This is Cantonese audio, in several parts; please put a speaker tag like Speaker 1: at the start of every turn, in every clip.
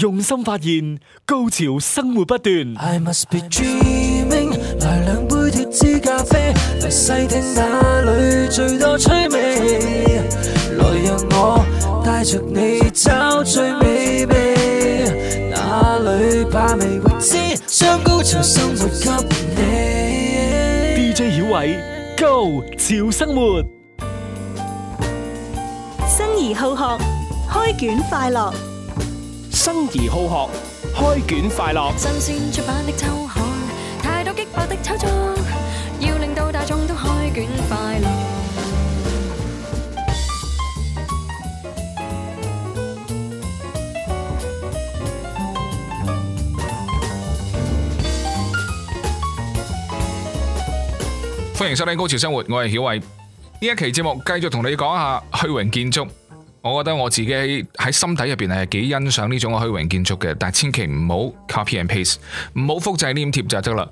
Speaker 1: 用心發現高潮生活不斷。I must be dreaming，來兩杯脫脂咖啡，來細聽那裏最多趣味。來讓我帶着你找最美味，哪裏怕味未會知，將高潮生活給你。DJ 曉偉，高潮生活，生而好學，開卷快樂。生而好學，開卷快樂。新鮮出版的周刊，太多激烈的炒作，要令到大眾都開卷快樂。歡迎收聽《高潮生活》，我係曉慧。呢一期節目繼續同你講下虛榮建築。我覺得我自己喺心底入邊係幾欣賞呢種嘅虛榮建築嘅，但係千祈唔好 copy and paste，唔好複製黏貼就係得啦。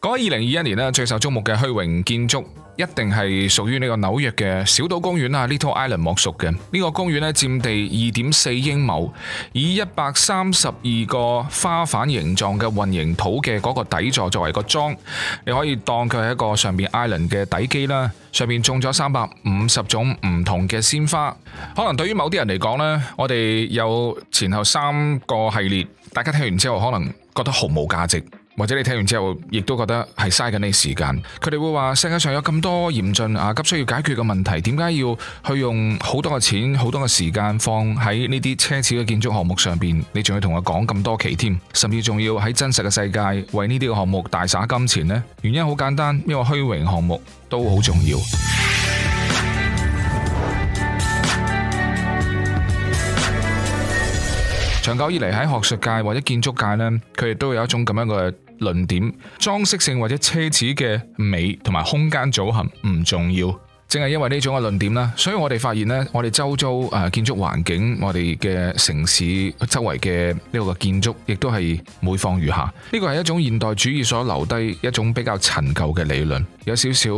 Speaker 1: 講起二零二一年咧，最受矚目嘅虛榮建築，一定係屬於呢個紐約嘅小島公園啊呢套 Little Island 莫屬嘅。呢個公園咧，佔地二點四英畝，以一百三十二個花瓣形狀嘅混凝土嘅嗰個底座作為個樁，你可以當佢係一個上邊 Island 嘅底基啦。上面種咗三百五十種唔同嘅鮮花，可能對於某啲人嚟講呢，我哋有前後三個系列，大家聽完之後可能覺得毫無價值。或者你聽完之後，亦都覺得係嘥緊你時間。佢哋會話世界上有咁多嚴峻啊，急需要解決嘅問題，點解要去用好多嘅錢、好多嘅時間放喺呢啲奢侈嘅建築項目上邊？你仲要同我講咁多期添，甚至仲要喺真實嘅世界為呢啲嘅項目大灑金錢呢？原因好簡單，因為虛榮項目都好重要。長久以嚟喺學術界或者建築界呢，佢哋都有一種咁樣嘅。論點，裝飾性或者奢侈嘅美同埋空間組合唔重要，正係因為呢種嘅論點啦。所以我哋發現呢，我哋周遭誒建築環境，我哋嘅城市周圍嘅呢個建築，亦都係每況愈下。呢個係一種現代主義所留低一種比較陳舊嘅理論，有少少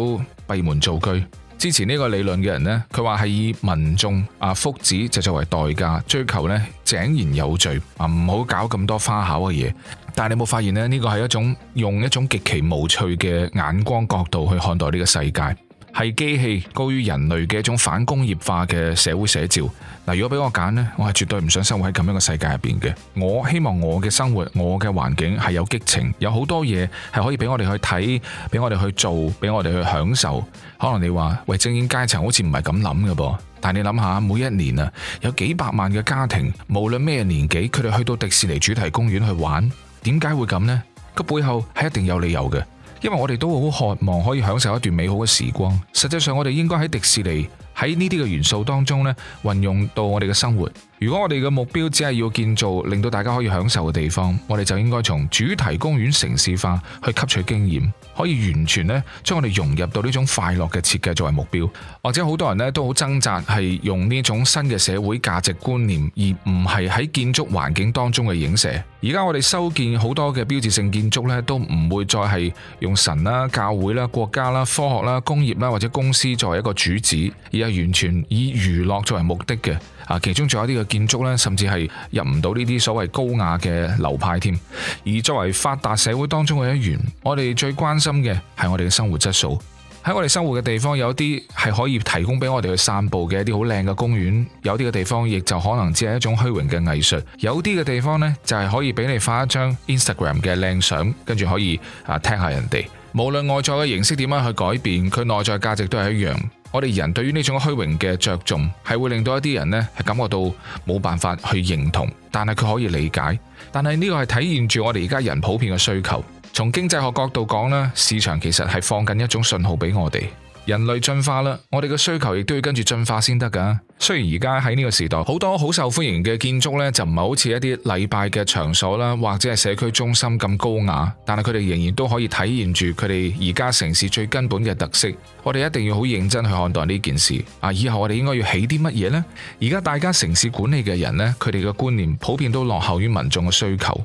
Speaker 1: 閉門造車。支持呢個理論嘅人呢，佢話係以民眾啊福祉就作為代價，追求呢井然有序啊，唔好搞咁多花巧嘅嘢。但係你冇發現呢？呢、呢個係一種用一種極其無趣嘅眼光角度去看待呢個世界，係機器高於人類嘅一種反工業化嘅社會寫照。嗱，如果俾我揀呢，我係絕對唔想生活喺咁樣嘅世界入邊嘅。我希望我嘅生活，我嘅環境係有激情，有好多嘢係可以俾我哋去睇，俾我哋去做，俾我哋去享受。可能你話喂，精英階層好似唔係咁諗嘅噃。但係你諗下，每一年啊，有幾百萬嘅家庭，無論咩年紀，佢哋去到迪士尼主題公園去玩。點解會咁呢？佢背後係一定有理由嘅，因為我哋都好渴望可以享受一段美好嘅時光。實際上，我哋應該喺迪士尼喺呢啲嘅元素當中呢，運用到我哋嘅生活。如果我哋嘅目標只係要建造令到大家可以享受嘅地方，我哋就應該從主題公園城市化去吸取經驗，可以完全呢將我哋融入到呢種快樂嘅設計作為目標。或者好多人呢都好掙扎係用呢種新嘅社會價值觀念，而唔係喺建築環境當中嘅影射。而家我哋修建好多嘅標誌性建築呢，都唔會再係用神啦、教會啦、國家啦、科學啦、工業啦或者公司作為一個主旨，而係完全以娛樂作為目的嘅。啊，其中仲有一啲嘅建築咧，甚至係入唔到呢啲所謂高雅嘅流派添。而作為發達社會當中嘅一員，我哋最關心嘅係我哋嘅生活質素。喺我哋生活嘅地方，有啲係可以提供俾我哋去散步嘅一啲好靚嘅公園，有啲嘅地方亦就可能只係一種虛榮嘅藝術。有啲嘅地方呢就係可以俾你發一張 Instagram 嘅靚相，跟住可以啊聽下人哋。無論外在嘅形式點樣去改變，佢內在價值都係一樣。我哋人對於呢種虛榮嘅着重，係會令到一啲人呢係感覺到冇辦法去認同，但係佢可以理解。但係呢個係體現住我哋而家人普遍嘅需求。從經濟學角度講呢，市場其實係放緊一種信號俾我哋。人類進化啦，我哋嘅需求亦都要跟住進化先得㗎。雖然而家喺呢個時代，好多好受歡迎嘅建築呢，就唔係好似一啲禮拜嘅場所啦，或者係社區中心咁高雅，但係佢哋仍然都可以體現住佢哋而家城市最根本嘅特色。我哋一定要好認真去看待呢件事。啊，以後我哋應該要起啲乜嘢呢？而家大家城市管理嘅人呢，佢哋嘅觀念普遍都落後於民眾嘅需求，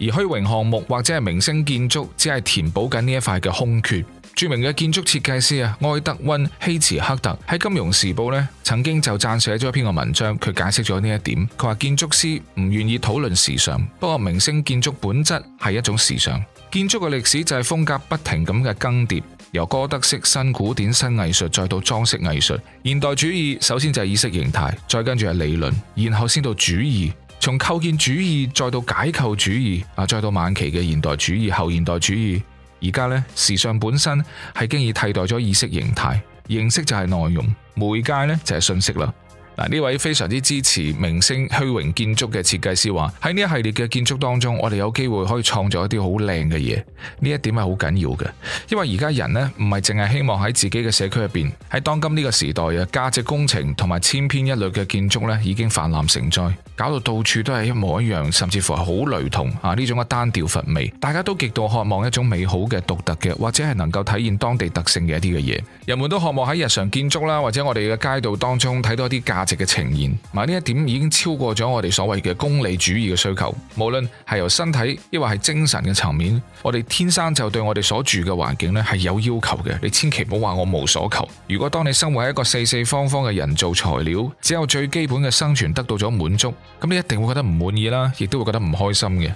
Speaker 1: 而虛榮項目或者係明星建築，只係填補緊呢一塊嘅空缺。著名嘅建築設計師啊，愛德溫希茨克特喺《金融時報》咧，曾經就撰寫咗一篇嘅文章，佢解釋咗呢一點。佢話建築師唔願意討論時尚，不過明星建築本質係一種時尚。建築嘅歷史就係風格不停咁嘅更迭，由哥德式、新古典、新藝術，再到裝飾藝術、現代主義。首先就係意識形態，再跟住係理論，然後先到主義，從構建主義，再到解構主義，啊，再到晚期嘅現代主義、後現代主義。而家咧，時尚本身係經已替代咗意識形態，形式就係內容，媒介咧就係信息啦。呢位非常之支持明星虛榮建築嘅設計師話：喺呢一系列嘅建築當中，我哋有機會可以創造一啲好靚嘅嘢。呢一點係好緊要嘅，因為而家人呢唔係淨係希望喺自己嘅社區入邊。喺當今呢個時代啊，價值工程同埋千篇一律嘅建築呢已經泛濫成災，搞到到處都係一模一樣，甚至乎係好雷同啊！呢種單調乏味，大家都極度渴望一種美好嘅獨特嘅，或者係能夠體現當地特性嘅一啲嘅嘢。人們都渴望喺日常建築啦，或者我哋嘅街道當中睇到一啲價值嘅呈現，而呢一點已經超過咗我哋所謂嘅功利主義嘅需求。無論係由身體抑或係精神嘅層面，我哋天生就對我哋所住嘅環境呢係有要求嘅。你千祈唔好話我無所求。如果當你生活喺一個四四方方嘅人造材料，只有最基本嘅生存得到咗滿足，咁你一定會覺得唔滿意啦，亦都會覺得唔開心嘅。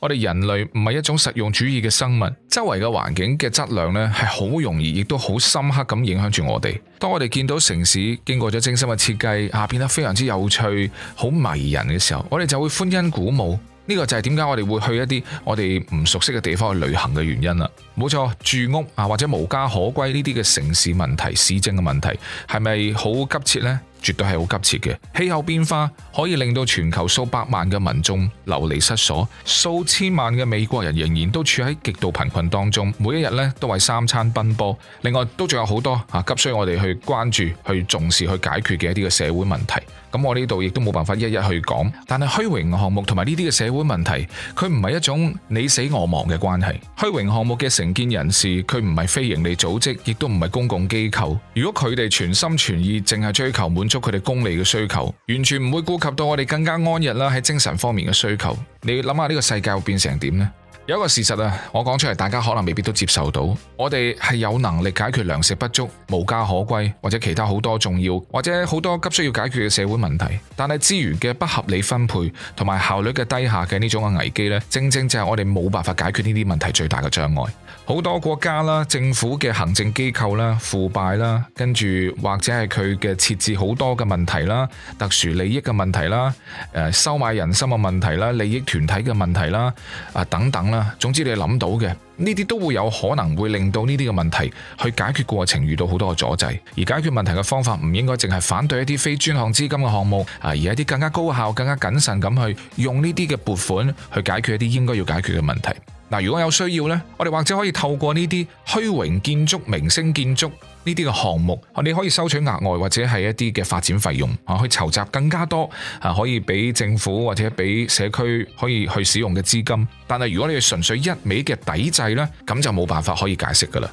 Speaker 1: 我哋人類唔係一種實用主義嘅生物，周圍嘅環境嘅質量呢係好容易，亦都好深刻咁影響住我哋。當我哋見到城市經過咗精心嘅設計啊，變得非常之有趣、好迷人嘅時候，我哋就會歡欣鼓舞。呢個就係點解我哋會去一啲我哋唔熟悉嘅地方去旅行嘅原因啦。冇錯，住屋啊或者無家可歸呢啲嘅城市問題、市政嘅問題係咪好急切呢？絕對係好急切嘅。氣候變化可以令到全球數百萬嘅民眾流離失所，數千萬嘅美國人仍然都處喺極度貧困當中，每一日呢都為三餐奔波。另外，都仲有好多啊急需我哋去關注、去重視、去解決嘅一啲嘅社會問題。咁我呢度亦都冇辦法一一去講，但係虛榮項目同埋呢啲嘅社會問題，佢唔係一種你死我亡嘅關係。虛榮項目嘅承建人士，佢唔係非營利組織，亦都唔係公共機構。如果佢哋全心全意淨係追求滿足佢哋公利嘅需求，完全唔會顧及到我哋更加安逸啦，喺精神方面嘅需求。你諗下呢個世界會變成點呢？有一個事實啊，我講出嚟，大家可能未必都接受到，我哋係有能力解決糧食不足、無家可歸或者其他好多重要或者好多急需要解決嘅社會問題，但係資源嘅不合理分配同埋效率嘅低下嘅呢種危機呢，正正就係我哋冇辦法解決呢啲問題最大嘅障礙。好多國家啦，政府嘅行政機構啦，腐敗啦，跟住或者係佢嘅設置好多嘅問題啦，特殊利益嘅問題啦，誒收買人心嘅問題啦，利益團體嘅問題啦，啊等等啦，總之你諗到嘅呢啲都會有可能會令到呢啲嘅問題去解決過程遇到好多嘅阻滯，而解決問題嘅方法唔應該淨係反對一啲非專項資金嘅項目，而一啲更加高效、更加謹慎咁去用呢啲嘅撥款去解決一啲應該要解決嘅問題。如果有需要咧，我哋或者可以透過呢啲虛榮建築、明星建築。呢啲嘅項目，你可以收取額外或者係一啲嘅發展費用，可以籌集更加多，可以俾政府或者俾社區可以去使用嘅資金。但係如果你係純粹一味嘅抵制呢，咁就冇辦法可以解釋噶啦。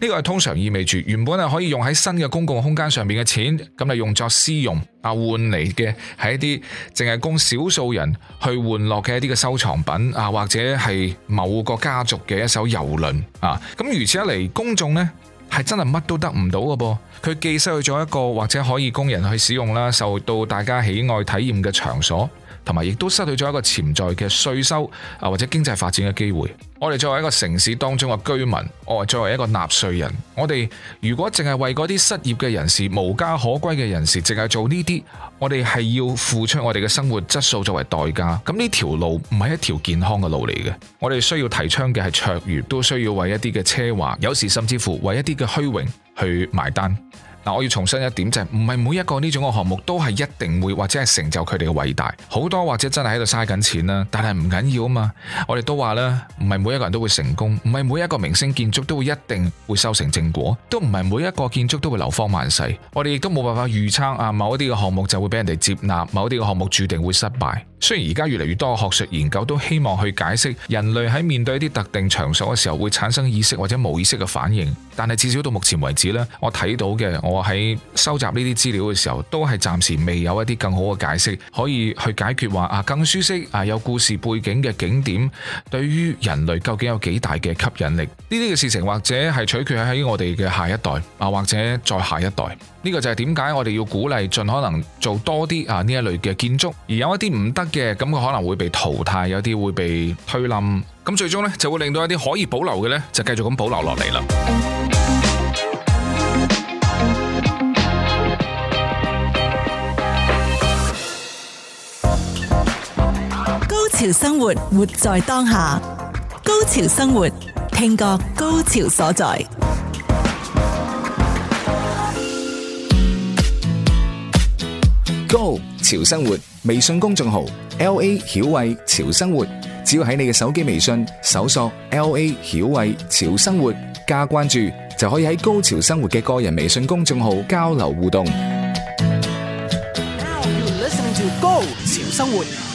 Speaker 1: 呢個係通常意味住原本係可以用喺新嘅公共空間上面嘅錢，咁嚟用作私用，啊換嚟嘅係一啲淨係供少數人去玩樂嘅一啲嘅收藏品，啊或者係某個家族嘅一艘郵輪啊。咁如此一嚟，公眾呢。係真係乜都得唔到嘅噃，佢既失去咗一個或者可以供人去使用啦，受到大家喜愛體驗嘅場所。同埋，亦都失去咗一個潛在嘅稅收啊，或者經濟發展嘅機會。我哋作為一個城市當中嘅居民，我作為一個納稅人，我哋如果淨係為嗰啲失業嘅人士、無家可歸嘅人士淨係做呢啲，我哋係要付出我哋嘅生活質素作為代價。咁呢條路唔係一條健康嘅路嚟嘅。我哋需要提倡嘅係卓越，都需要為一啲嘅奢華，有時甚至乎為一啲嘅虛榮去埋單。嗱，我要重申一點就係，唔係每一個呢種嘅項目都係一定會或者係成就佢哋嘅偉大，好多或者真係喺度嘥緊錢啦。但係唔緊要啊嘛，我哋都話啦，唔係每一個人都會成功，唔係每一個明星建築都會一定會修成正果，都唔係每一個建築都會流芳萬世。我哋亦都冇辦法預測啊某一啲嘅項目就會俾人哋接納，某啲嘅項目注定會失敗。雖然而家越嚟越多嘅學術研究都希望去解釋人類喺面對一啲特定場所嘅時候會產生意識或者冇意識嘅反應，但係至少到目前為止咧，我睇到嘅我。我喺收集呢啲資料嘅時候，都係暫時未有一啲更好嘅解釋，可以去解決話啊更舒適啊有故事背景嘅景點，對於人類究竟有幾大嘅吸引力？呢啲嘅事情或者係取決喺我哋嘅下一代啊，或者再下一代。呢個就係點解我哋要鼓勵盡可能做多啲啊呢一類嘅建築，而有一啲唔得嘅，咁佢可能會被淘汰，有啲會被推冧，咁最終呢，就會令到一啲可以保留嘅呢，就繼續咁保留落嚟啦。高潮生活，活在當下。高潮生活，聽覺高潮所在。Go！潮生活微信公眾號，L A 曉慧潮生活，只要喺你嘅手機微信搜索 L A 曉慧潮生活加關注，就可以喺高潮生活嘅個人微信公眾號交流互動。Now you listening to Go！潮生活。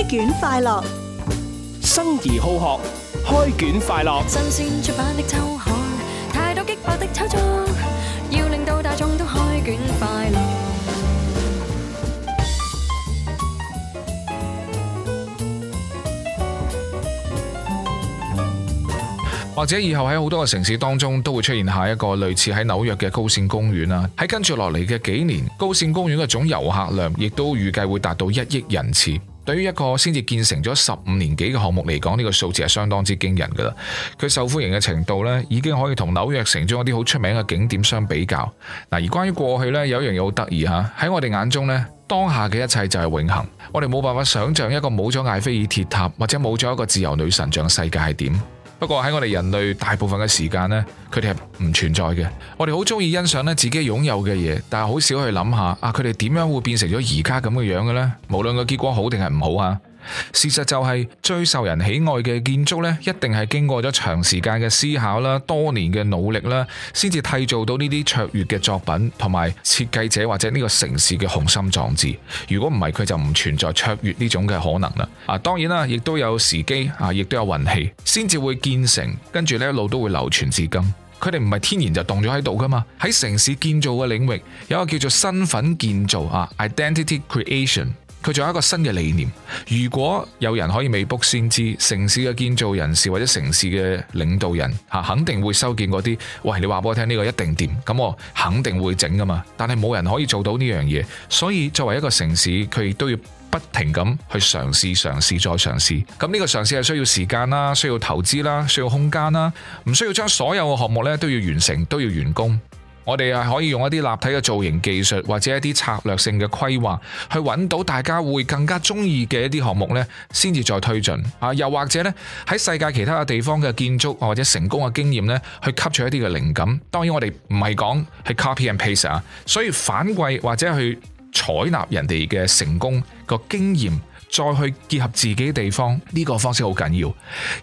Speaker 1: 開卷快樂，生而好學，開卷快樂。新鮮出版的週刊，太多激烈的炒作，要令到大眾都開卷快樂。或者以後喺好多個城市當中都會出現下一個類似喺紐約嘅高線公園啦。喺跟住落嚟嘅幾年，高線公園嘅總遊客量亦都預計會達到一億人次。對於一個先至建成咗十五年幾嘅項目嚟講，呢個數字係相當之驚人噶啦。佢受歡迎嘅程度呢，已經可以同紐約城中一啲好出名嘅景點相比較。嗱，而關於過去呢，有一樣嘢好得意吓，喺我哋眼中呢，當下嘅一切就係永恆。我哋冇辦法想象一個冇咗艾菲爾鐵塔或者冇咗一個自由女神像嘅世界係點。不過喺我哋人類大部分嘅時間咧，佢哋係唔存在嘅。我哋好中意欣賞咧自己擁有嘅嘢，但係好少去諗下啊，佢哋點樣會變成咗而家咁嘅樣嘅呢？無論個結果好定係唔好啊！事實就係、是、最受人喜愛嘅建築呢，一定係經過咗長時間嘅思考啦，多年嘅努力啦，先至締造到呢啲卓越嘅作品，同埋設計者或者呢個城市嘅雄心壯志。如果唔係，佢就唔存在卓越呢種嘅可能啦。啊，當然啦，亦都有時機啊，亦都有運氣，先至會建成，跟住呢一路都會流傳至今。佢哋唔係天然就凍咗喺度噶嘛。喺城市建造嘅領域，有一個叫做身份建造啊 （identity creation）。佢仲有一個新嘅理念，如果有人可以未卜先知，城市嘅建造人士或者城市嘅領導人，吓肯定會修建嗰啲。喂，你話俾我聽，呢個一定掂，咁我肯定會整噶嘛。但係冇人可以做到呢樣嘢，所以作為一個城市，佢亦都要不停咁去嘗試、嘗試再嘗試。咁呢個嘗試係需要時間啦，需要投資啦，需要空間啦，唔需要將所有嘅項目咧都要完成，都要完工。我哋係可以用一啲立體嘅造型技術，或者一啲策略性嘅規劃，去揾到大家會更加鍾意嘅一啲項目呢，先至再推進。啊，又或者呢，喺世界其他嘅地方嘅建築或者成功嘅經驗呢，去吸取一啲嘅靈感。當然我哋唔係講係 copy and paste 啊，所以反饋或者去採納人哋嘅成功個經驗。再去結合自己地方呢個方式好緊要，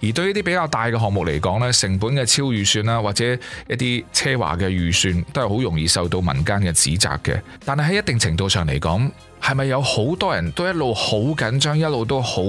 Speaker 1: 而對於一啲比較大嘅項目嚟講咧，成本嘅超預算啦，或者一啲奢華嘅預算，都係好容易受到民間嘅指責嘅。但係喺一定程度上嚟講，係咪有好多人都一路好緊張，一路都好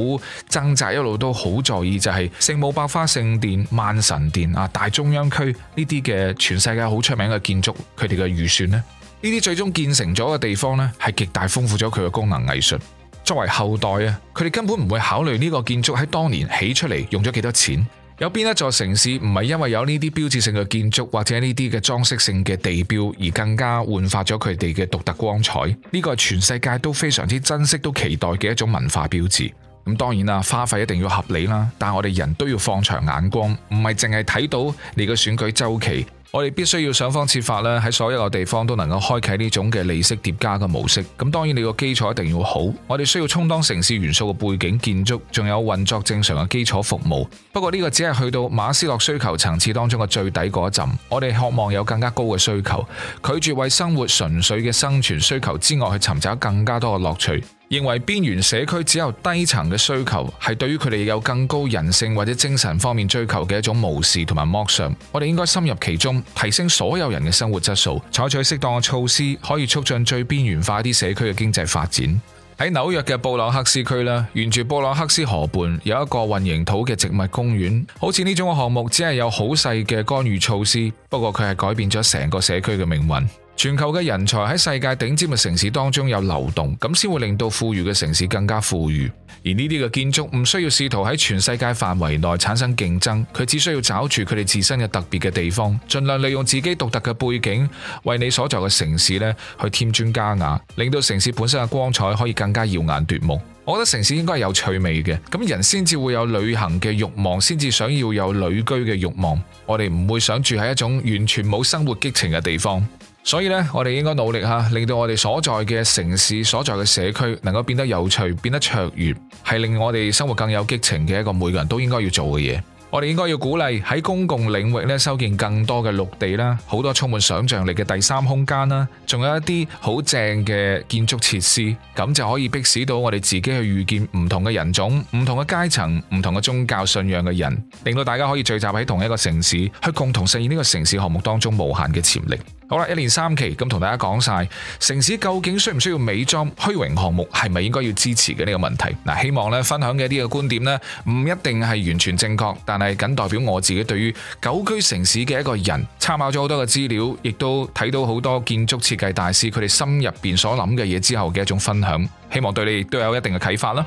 Speaker 1: 掙扎，一路都好在意，就係聖母百花聖殿、萬神殿啊、大中央區呢啲嘅全世界好出名嘅建築，佢哋嘅預算呢，呢啲最終建成咗嘅地方呢，係極大豐富咗佢嘅功能藝術。作為後代啊，佢哋根本唔會考慮呢個建築喺當年起出嚟用咗幾多錢。有邊一座城市唔係因為有呢啲標誌性嘅建築或者呢啲嘅裝飾性嘅地標而更加煥發咗佢哋嘅獨特光彩？呢個係全世界都非常之珍惜、都期待嘅一種文化標誌。咁當然啦，花費一定要合理啦。但係我哋人都要放長眼光，唔係淨係睇到你嘅選舉周期。我哋必須要想方設法咧，喺所有嘅地方都能夠開啟呢種嘅利息疊加嘅模式。咁當然你個基礎一定要好，我哋需要充當城市元素嘅背景建築，仲有運作正常嘅基礎服務。不過呢個只係去到馬斯洛需求層次當中嘅最底嗰一浸，我哋渴望有更加高嘅需求，拒絕為生活純粹嘅生存需求之外去尋找更加多嘅樂趣。認為邊緣社區只有低層嘅需求，係對於佢哋有更高人性或者精神方面追求嘅一種無視同埋剝削。我哋應該深入其中，提升所有人嘅生活質素，採取適當嘅措施，可以促進最邊緣化啲社區嘅經濟發展。喺紐約嘅布朗克斯區啦，沿住布朗克斯河畔有一個混凝土嘅植物公園，好似呢種嘅項目，只係有好細嘅干預措施，不過佢係改變咗成個社區嘅命運。全球嘅人才喺世界頂尖嘅城市當中有流動，咁先會令到富裕嘅城市更加富裕。而呢啲嘅建築唔需要試圖喺全世界範圍內產生競爭，佢只需要找住佢哋自身嘅特別嘅地方，盡量利用自己獨特嘅背景，為你所在嘅城市咧去添磚加瓦，令到城市本身嘅光彩可以更加耀眼奪目。我覺得城市應該係有趣味嘅，咁人先至會有旅行嘅慾望，先至想要有旅居嘅慾望。我哋唔會想住喺一種完全冇生活激情嘅地方。所以咧，我哋應該努力吓，令到我哋所在嘅城市、所在嘅社區能夠變得有趣、變得卓越，係令我哋生活更有激情嘅一個每個人都應該要做嘅嘢。我哋應該要鼓勵喺公共領域咧，修建更多嘅陸地啦，好多充滿想象力嘅第三空間啦，仲有一啲好正嘅建築設施，咁就可以迫使到我哋自己去遇見唔同嘅人種、唔同嘅階層、唔同嘅宗教信仰嘅人，令到大家可以聚集喺同一個城市，去共同實現呢個城市項目當中無限嘅潛力。好啦，一連三期咁同大家講晒，城市究竟需唔需要美裝虛榮項目，係咪應該要支持嘅呢個問題？嗱，希望咧分享嘅呢個觀點呢，唔一定係完全正確，但係僅代表我自己對於久居城市嘅一個人，參考咗好多嘅資料，亦都睇到好多建築設計大師佢哋心入邊所諗嘅嘢之後嘅一種分享，希望對你亦都有一定嘅啟發啦。